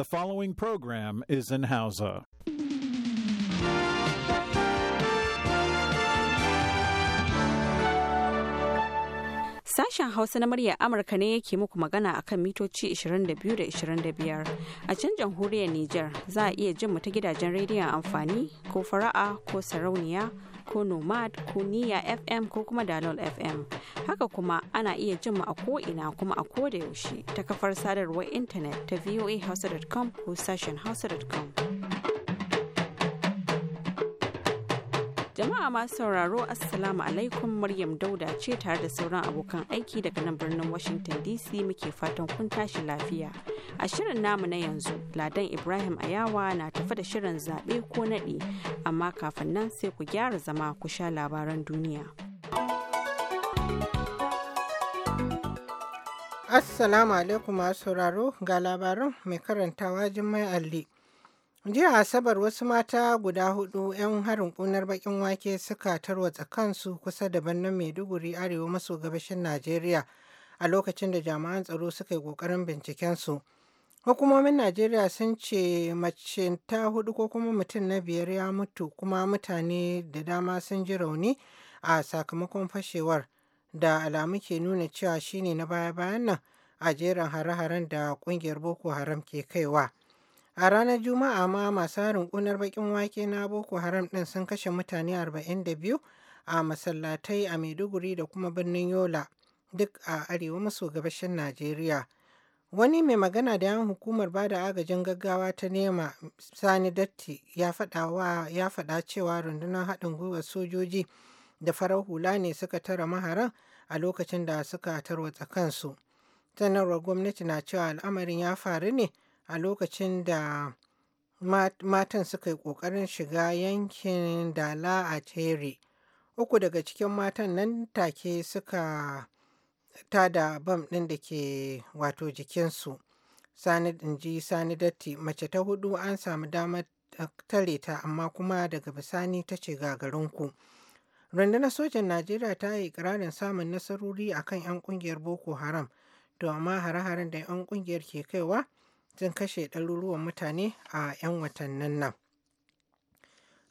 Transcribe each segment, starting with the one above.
The following program is in Hausa. Sashen Hausa na murya Amurka ne yake muku magana a kan mitoci 22 da 25. A can jamhuriyar Nijar za a iya jin mu ta gidajen rediyon amfani ko fara'a ko sarauniya. ko nomad ko niya fm ko kuma dalol fm haka kuma ana iya jin mu a ko'ina kuma a ko da yaushe ta kafar sadarwar intanet ta voahausa.com ko sashen hausa.com Jama'a masu sauraro Assalamu alaikum Maryam Dauda ce tare da sauran abokan aiki daga nan birnin Washington DC muke fatan kun tashi lafiya. A shirin namu na yanzu, Ladan Ibrahim Ayawa na tafi da shirin zaɓe ko naɗi, amma kafin nan sai ku gyara zama ku sha labaran duniya. Assalamu alaikum masu sauraro ga labarin mai karantawa Jummai Alli. Jiya Asabar wasu mata guda hudu 'yan harin kunar bakin wake suka tarwatsa kansu kusa da birnin Maiduguri arewa maso gabashin Najeriya a lokacin da jami'an tsaro suka yi kokarin bincikensu. Hukumomin Najeriya sun ce mace ta hudu ko kuma mutum na biyar ya mutu kuma mutane da dama sun ji rauni a sakamakon fashewar da alamu ke nuna cewa shine na baya-bayan nan a jerin hare-haren da kungiyar Boko Haram ke kaiwa. A ranar Juma'a ma masu harin ƙunar baƙin wake na Boko Haram ɗin sun kashe mutane 42 a masallatai a Maiduguri da kuma birnin Yola duk a arewa maso gabashin Najeriya. Wani mai magana da 'yan hukumar bada agajin gaggawa ta nema Sani Datti ya faɗa cewa rundunar haɗin gwiwar sojoji da farar hula ne suka tara maharan a lokacin da suka tarwatsa kansu. Sanarwar gwamnati na cewa al'amarin ya faru ne a lokacin da matan suka yi ƙoƙarin shiga yankin Dala a Tere. Uku daga cikin matan nan take suka da bam ɗin da ke wato jikinsu. Sani inji Sani Datti mace ta hudu an samu damar tare ta amma kuma daga bisani ta ce gagarinku. Rundunar sojan Najeriya ta yi ƙirarin samun nasarori akan 'yan ƙungiyar Boko Haram, to amma hare-haren da 'yan ƙungiyar ke kaiwa sun kashe ɗaruruwan mutane a 'yan watannin nan.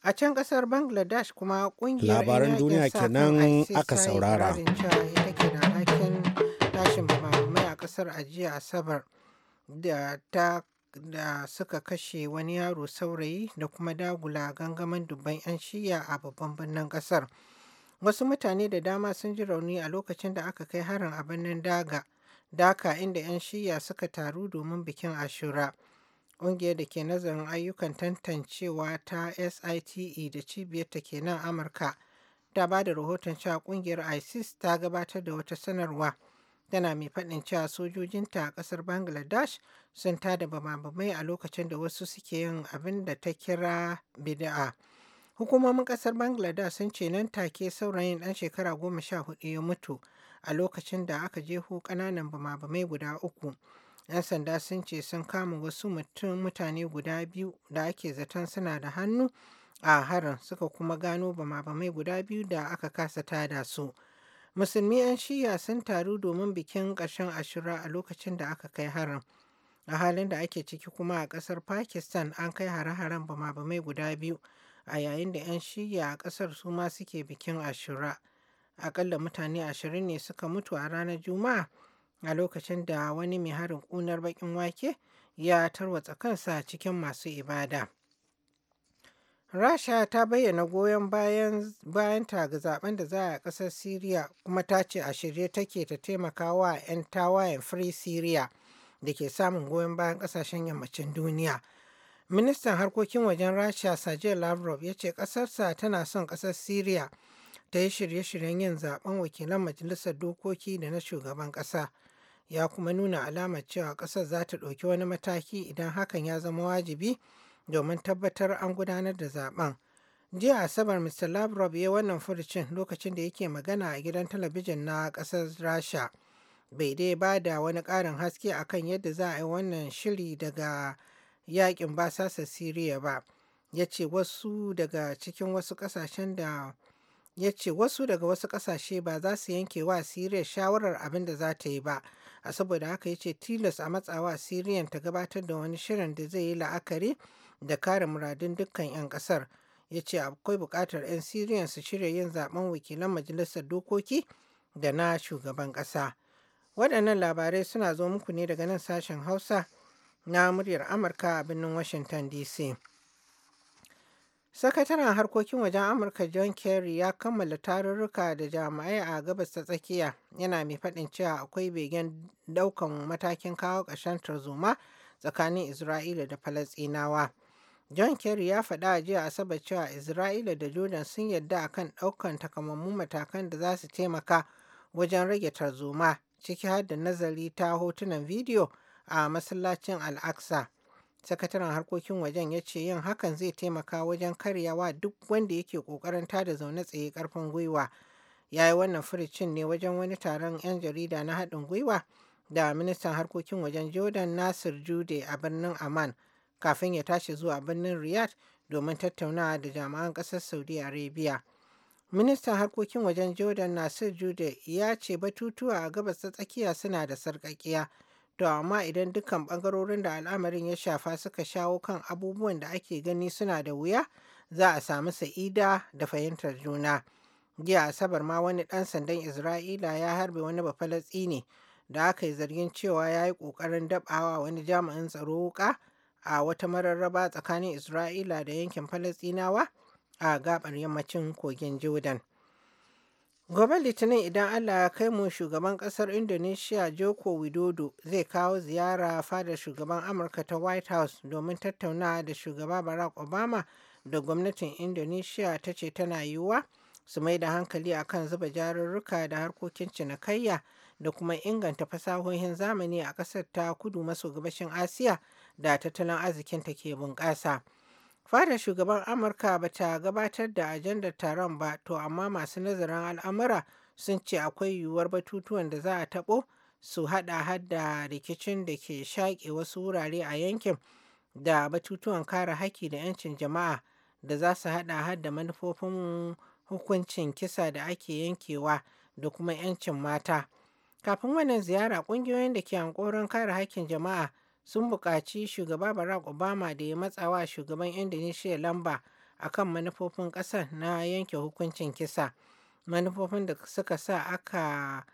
A can ƙasar Bangladesh kuma ƙungiyar labaran duniya kenan aka saurara. ita ke da tashin a ƙasar ajiya Asabar da ta da suka kashe wani yaro saurayi da kuma dagula gangaman dubban 'yan shiya a babban birnin ƙasar. Wasu mutane da dama sun ji rauni a lokacin da aka kai harin a birnin Daga. Daka inda 'yan shiya suka taru domin bikin Ashura. Ƙungiyar da ke nazarin ayyukan tantancewa ta SITE da cibiyarta ke nan Amurka ta ba da rahoton cewa ƙungiyar ISIS ta gabatar da wata sanarwa tana mai faɗin cewa sojojinta a ƙasar Bangladesh sun tada bamabamai a lokacin da wasu suke yin abin da ta kira Bida'a. Hukumomin ƙasar Bangladesh sun ce nan take saurayin ɗan shekara goma sha hudu ya mutu a lokacin da aka jeho ƙananan bama-bamai guda uku. 'Yan sanda sun ce sun kama wasu mutum mutane guda biyu da ake zaton suna da hannu a harin suka kuma gano bama-bamai guda biyu da aka kasa tada su. Musulmi 'yan shiya sun taru domin bikin ƙarshen ashira a lokacin da aka kai harin. a halin da ake ciki kuma a ƙasar pakistan an kai hare-haren bama-bamai guda biyu a yayin da 'yan shiya a ƙasar su ma suke bikin Ashira. akalla mutane ashirin ne suka mutu a ranar juma'a a lokacin da wani mai harin kunar bakin wake ya tarwatsa kansa cikin masu ibada rasha ta bayyana goyon bayan bayanta ga zaben da za a kasar syria kuma ta ce a shirye take ta taimaka wa 'yan tawayen free syria da ke samun goyon bayan kasashen yammacin duniya ministan harkokin wajen rasha sajel lavrov ya ce kasarsa tana son kasar syria ta yi shirye-shiryen yin zaben wakilan majalisar dokoki da na shugaban ƙasa ya kuma nuna alamar cewa ƙasar za ta ɗauki wani mataki idan hakan ya zama wajibi domin tabbatar an gudanar da zaben jiya asabar mr lavrov ya wannan furucin lokacin da yake magana a gidan talabijin na ƙasar rasha bai dai ba da wani ƙarin haske akan yadda za a yi wannan shiri daga yakin basasa siriya ba ya ce wasu daga cikin wasu ƙasashen da ya ce wasu daga wasu ƙasashe ba za su yanke wa Siriya shawarar abin da za ta yi ba, a saboda haka ya ce tilas a matsawa Siriyan ta gabatar da wani shirin da zai yi la'akari da kare muradun dukkan 'yan ƙasar. Ya ce akwai buƙatar 'yan Siriyan su shirya yin zaben wakilan majalisar dokoki da na shugaban ƙasa. Waɗannan labarai suna zo muku ne daga nan sashen Hausa na muryar Amurka a birnin Washington DC. Sakataren harkokin wajen Amurka John Kerry ya kammala tarurruka da jami'ai a gabas ta tsakiya yana mai faɗin cewa akwai begen ɗaukan matakin kawo ƙarshen tarzoma tsakanin Isra'ila da Falasɗinawa. John Kerry ya faɗa a jiya Asabar cewa Isra'ila da Jordan sun yarda kan ɗaukan takamammun matakan da za su taimaka wajen rage tarzoma ciki har da nazari ta hotunan bidiyo a masallacin Al-Aqsa. sakataren harkokin wajen ya ce yin hakan zai taimaka wajen karyawa duk wanda yake kokarin tada zaune tsaye karfin gwiwa ya yi wannan furicin ne wajen wani taron 'yan jarida na haɗin gwiwa da ministan harkokin wajen jordan nasir jude a birnin amman kafin ya tashi zuwa birnin riyadh domin tattaunawa da jami'an ƙasar saudi arabia ministan harkokin wajen jordan nasir jude ya ce batutuwa a gabas ta tsakiya suna da sarƙaƙiya To amma idan dukkan ɓangarorin da al'amarin ya shafa suka shawo kan abubuwan da ake gani suna da wuya, za a samu sa'ida da fahimtar juna. Jiya Asabar ma wani ɗan sandan Isra'ila ya harbe wani bafalatsini da aka yi zargin cewa ya yi ƙoƙarin daɓawa wani jami'in tsaro wuƙa a wata mararraba tsakanin Isra'ila da yankin Falasɗinawa a gaɓar yammacin kogin Jordan. Gobe Litinin idan Allah ya kai mu shugaban kasar Indonesia Joko Widodo zai kawo ziyara fadar shugaban Amurka ta White House domin tattauna da shugaba Barack Obama da gwamnatin Indonesia ta ce tana yiwuwa su mai da hankali a kan zuba jarurruka da harkokin cinikayya da kuma inganta fasahohin zamani a ƙasar ta kudu maso gabashin Asiya da tattalin arzikinta ke bunƙasa. Fadar shugaban Amurka ba ta gabatar da ajandar taron ba, to amma masu nazarin al'amura sun ce akwai yiwuwar batutuwan da za a taɓo su haɗa hada rikicin da ke shaƙe wasu wurare a yankin da batutuwan kare haƙƙi da 'yancin jama'a da za su haɗa hada manufofin hukuncin kisa da ake yankewa da kuma 'yancin mata. Kafin wannan ziyara, ƙungiyoyin da ke hankorin kare haƙƙin jama'a sun buƙaci shugaba barack obama da ya matsa wa shugaban indonesia lamba a kan manufofin ƙasar na yanke hukuncin kisa manufofin da suka sa aka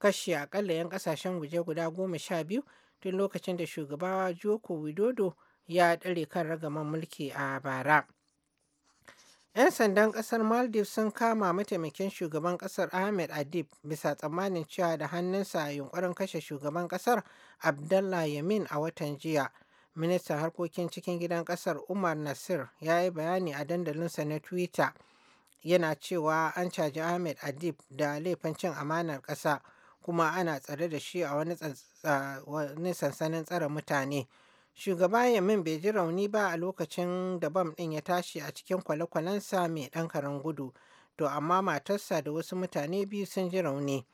kashe akalla 'yan kasashen waje guda goma sha biyu tun lokacin da shugaba joko widodo ya ɗare kan ragaman mulki a bara 'Yan sandan ƙasar Maldives sun kama mataimakin shugaban ƙasar Ahmed Adib bisa tsammanin cewa da hannunsa a yunkurin kashe shugaban ƙasar Abdallah Yamin a watan jiya. Ministan harkokin cikin gidan ƙasar Umar Nasir ya yi bayani a dandalinsa na Twitter yana cewa an caji Ahmed Adib da laifin cin amanar ƙasa kuma ana tsare da shi a wani sansanin tsare mutane. Shugaba Yamin bai ji rauni ba a lokacin da bam ɗin ya tashi a cikin kwale-kwalensa mai ɗan karen gudu, to amma matarsa da wasu mutane biyu sun ji rauni.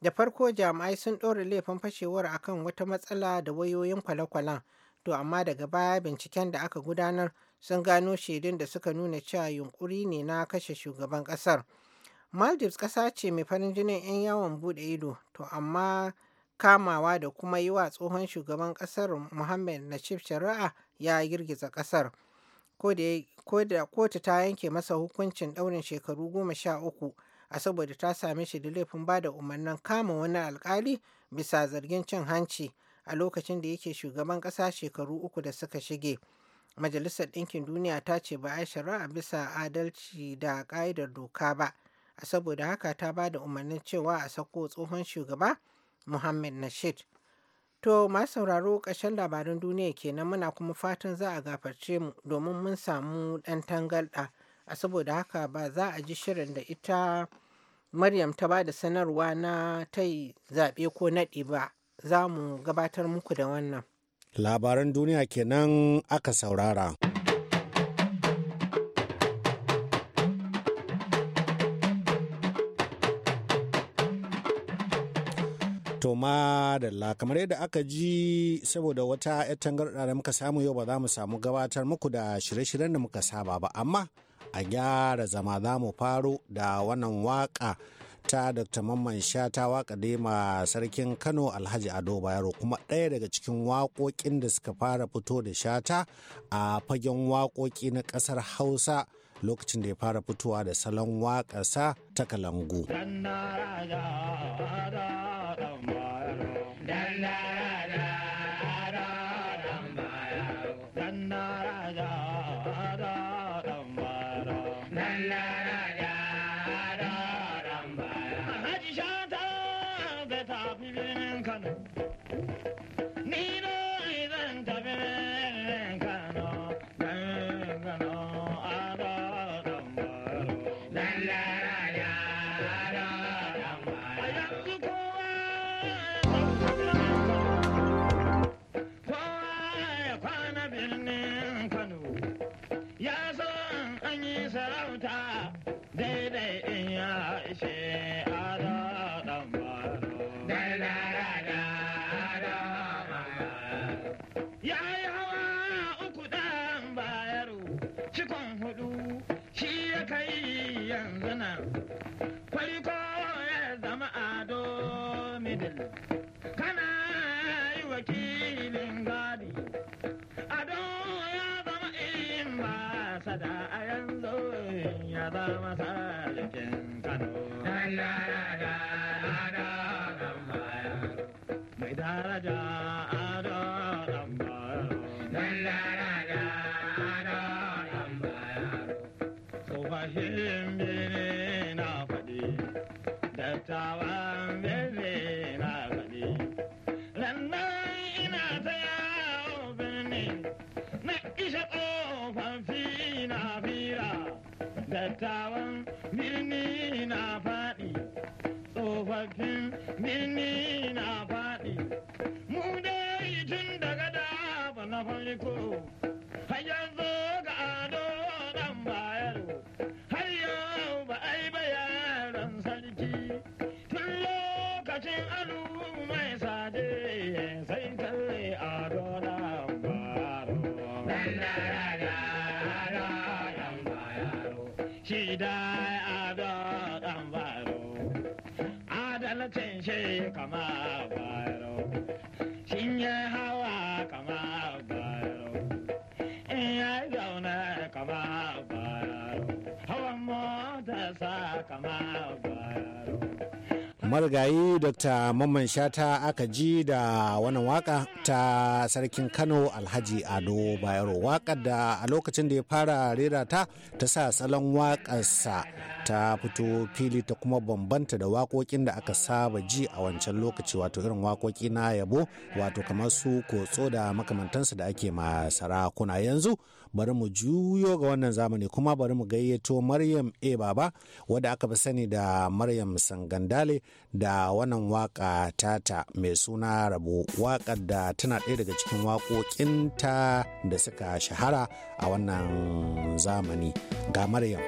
Da farko jami'ai sun ɗora laifin fashewar akan wata matsala da wayoyin kwale-kwalen, to amma daga baya binciken da aka gudanar sun gano shaidun da suka nuna cewa yunkuri ne na kashe shugaban ƙasar. Maldives ƙasa ce mai farin jinin 'yan yawon buɗe ido, to amma kamawa da kuma yi wa tsohon shugaban kasar Mohammed Nashif shari'a ya girgiza kasar. Kotu ta yanke masa hukuncin ɗaurin shekaru goma sha uku a saboda ta sami shi da laifin ba da umarnin kama wani alkali bisa zargin cin hanci a lokacin da yake shugaban ƙasa shekaru uku da suka shige. Majalisar Ɗinkin Duniya ta ce ba a shari'a bisa adalci da ƙa'idar doka ba, a saboda haka ta ba da umarnin cewa a sako tsohon shugaba Muhammad Nasheed. To ma sauraro ƙarshen labarin duniya kenan muna kuma fatan za a gafarce mu domin mun samu ɗan tangalɗa A saboda haka ba za a ji shirin da ita Maryam ta ba da sanarwa na ta yi zaɓe ko naɗi ba. Za mu gabatar muku da wannan. Labaran duniya kenan aka saurara. To madalla kamar yadda aka ji saboda wata 'yar tangarɗa da muka samu yau ba za mu samu gabatar muku da shirye-shiryen da muka saba ba amma a gyara zama za mu faro da wannan waka ta Dr. Mamman Sha ta waka ma sarkin Kano Alhaji Ado Bayero kuma ɗaya daga cikin waƙoƙin da suka fara fito da shata a fagen waƙoƙi na ƙasar Hausa lokacin da ya fara fitowa da salon waƙasa ta kalangu. bar Kano. Mai tsofaffin birni na faɗi mu dai tun daga da ba na farko har yanzu ga ado dan bayar har yau ba ai bayaran sarki tun lokacin alu mai sa marigayi dr mamman shata aka ji da wannan waka ta sarkin kano alhaji ado bayero wakar da a lokacin da ya fara rera ta ta sa salon wakarsa ta fito fili ta kuma bambanta da wakokin da aka saba ji a wancan lokaci wato irin wakoki na yabo wato kamar su kotso da makamantansu da ake ma sarakuna yanzu bari mu juyo ga wannan zamani kuma bari mu gayyato maryam a baba wadda aka fi sani da maryam sangandale da wannan waka tata mai suna rabo wakar da tana ɗaya daga cikin waƙoƙinta da suka shahara a wannan zamani ga maryam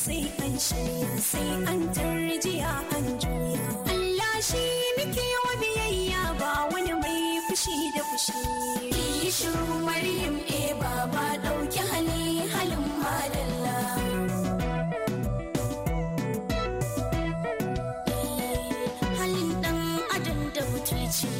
sai an shirya sai an tarjiya an juya Allah shi muke wa biyayya ba wani mai fushi da fushi ki shiru Maryam eh baba ɗauki hali halin madalla eh, halin ɗan adam da mutunci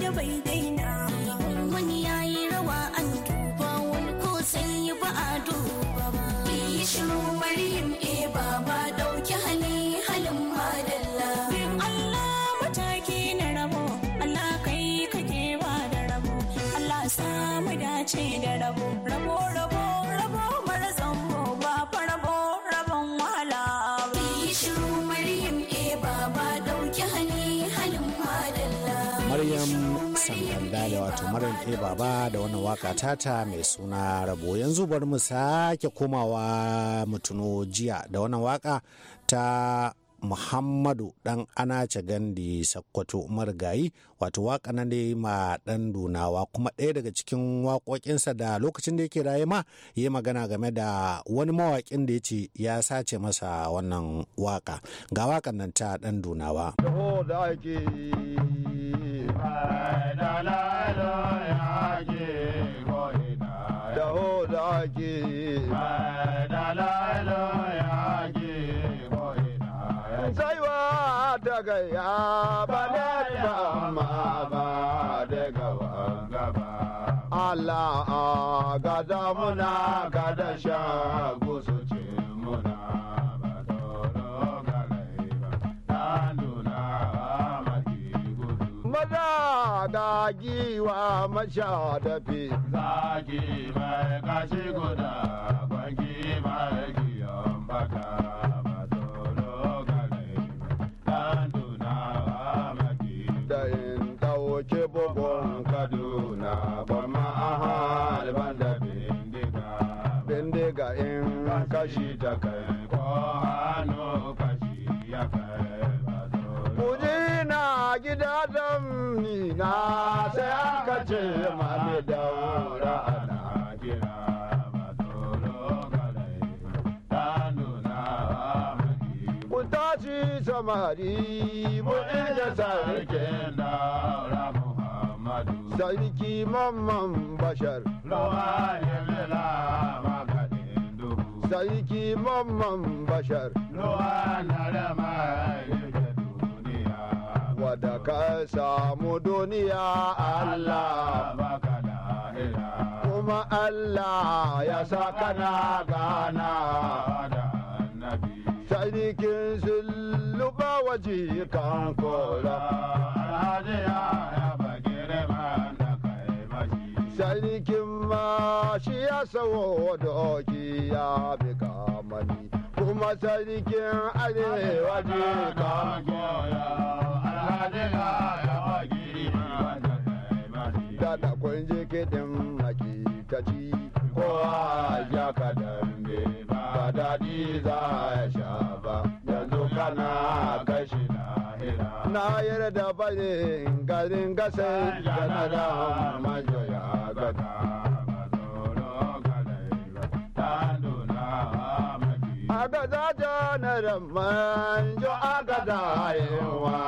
như vậy Maryam e Baba da wannan waka tata mai suna rabo yanzu bari mu sake komawa mutuno jiya da wannan waka ta Muhammadu dan Anace Gandi Sakkwato Marigayi wato waka na ne ma dan Dunawa kuma ɗaya daga cikin waƙoƙinsa da lokacin da yake raye ma ya magana game da wani mawaƙin da ya ce ya sace masa wannan waka ga wakan nan ta dan Dunawa. yaki dalalo yaki saiwa daga ya bale da ma ba daga wanga ba Allah a gaza muna kada sha gusu da da giwa masha dafi zagi mai kashi guda kwanki mai giyon baka Ke bugun Kaduna ba ma a halban da bindiga. Bindiga in kashi ta kai ko hannu kashi ya kai ba Kuji na gida da fanni na sai aka ce mami daura na kira Ku tashi samari mu inda sarkin daura Muhammadu. Sarki mamman bashar. Rawa ya lila maganin duhu. Sarki mamman bashar. Rawa na da mai wadda ka samu duniya Allah baka lahira kuma Allah ya sa kana gana da annabi sadikin zulluba waje kan kola alhaji ya bagire da kai mashi sadikin ma shi ya sawo doki ya bi kamani kuma sadikin arewa je kan na yarda ba ne garin gasa yana da majoya gada Agada janar manjo agada yawa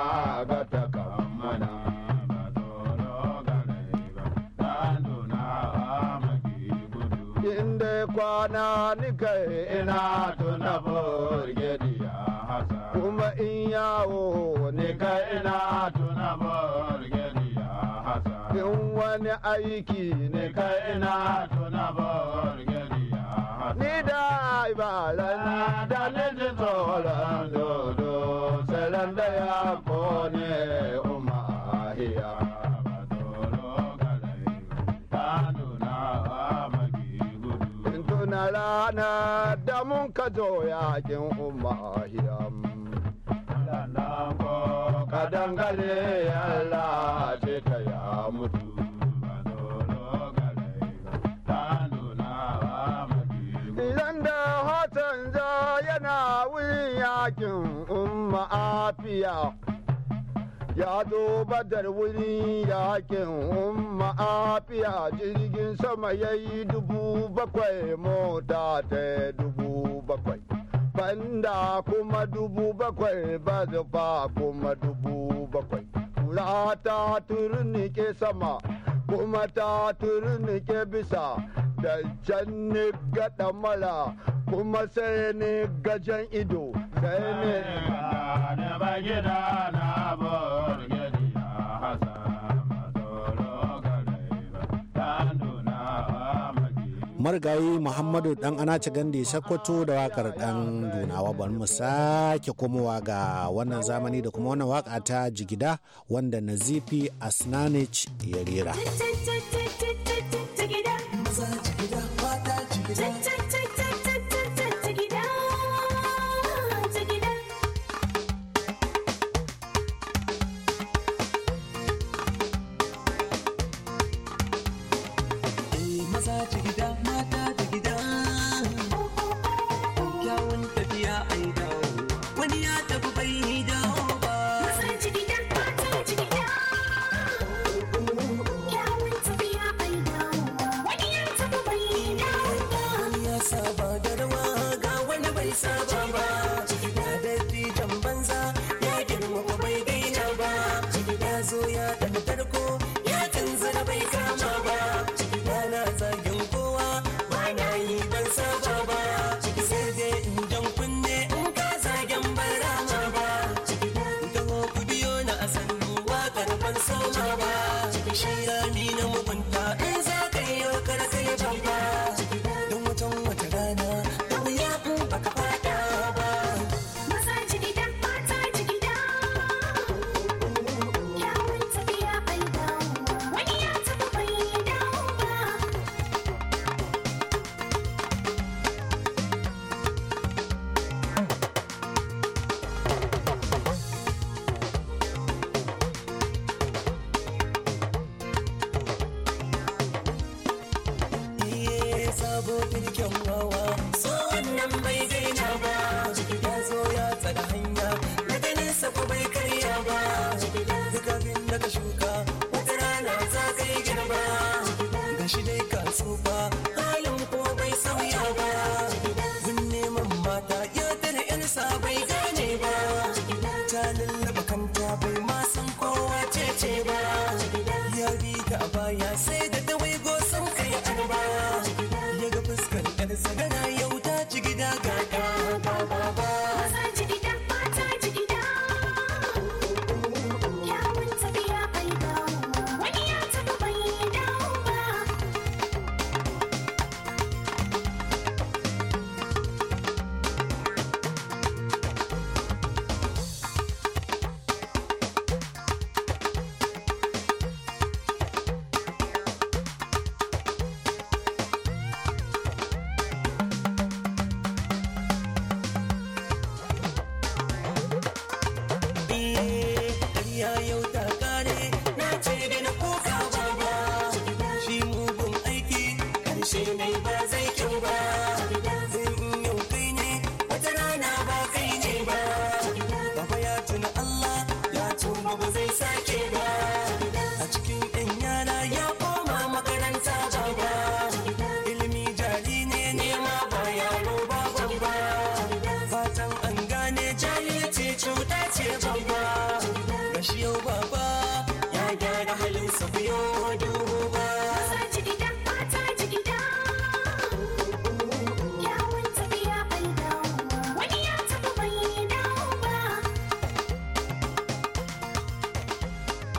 agada kamana. Inda kwana nika ina tuna burgedi. kuma in yawo ne ka ina tuna burgeni hasa in wani aiki ne ka ina tuna burgeni hasa ni da ibala da ne ji tsoron dodo salon da ya kone umahiya na ranar da mun ka zo yakin umma hiram ka dangare Allah ce ka ya mutu idan da hoton yana wurin yakin umma afiya ya zo da wuri yakin umma afiya jirgin sama ya yi dubu bakwai mota ta dubu bakwai banda kuma dubu bakwai bazufa kuma dubu bakwai kura ta turnike sama kuma ta turnike bisa da can ni gaɗa mala kuma sai ni gajen ido sai ni da marigayi muhammadu dan ci gandi sakwato da wakar dan dunawa bari mu sake komowa ga wannan zamani da kuma wannan waka ta jigida wanda nazifi asnanich ya rera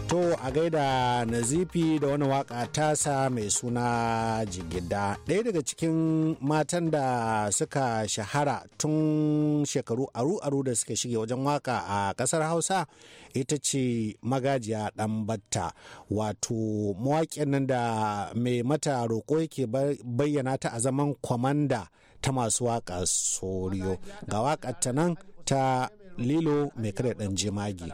to a gaida nazifi da wani waka tasa mai suna jigida ɗaya daga cikin matan da suka shahara tun shekaru aru-aru da suka shige wajen waka a ƙasar hausa ita ce magajiya ɗan batta wato mawaƙin nan da mai mata roƙo yake bayyana ta a zaman kwamanda ta masu waka soriyo ga waƙar ta nan ta lilo mai kare ɗan jemagi.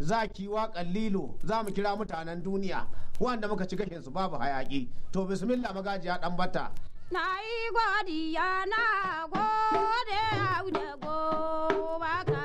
za kiwa kallilo za mu kira mutanen duniya wanda muka ci gashin su babu hayaki to bismillah magajiya dan bata na yi godiya na gode da gobe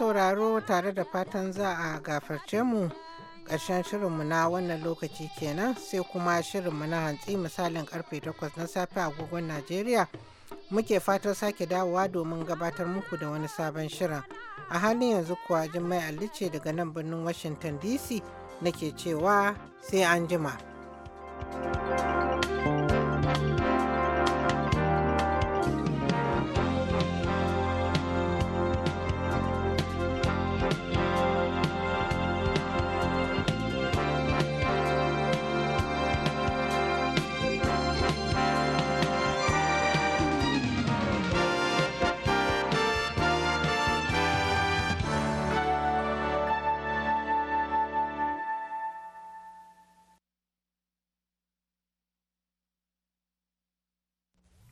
sauraro tare da fatan za a gafarce mu ƙarshen shirinmu na wannan lokaci kenan sai kuma shirinmu na hantsi misalin karfe 8 na safe agogon Najeriya muke fatan sake dawowa domin gabatar muku da wani sabon shirin. A halin yanzu kuwa Jummai Alice daga nan birnin Washington DC nake cewa sai an jima. thank you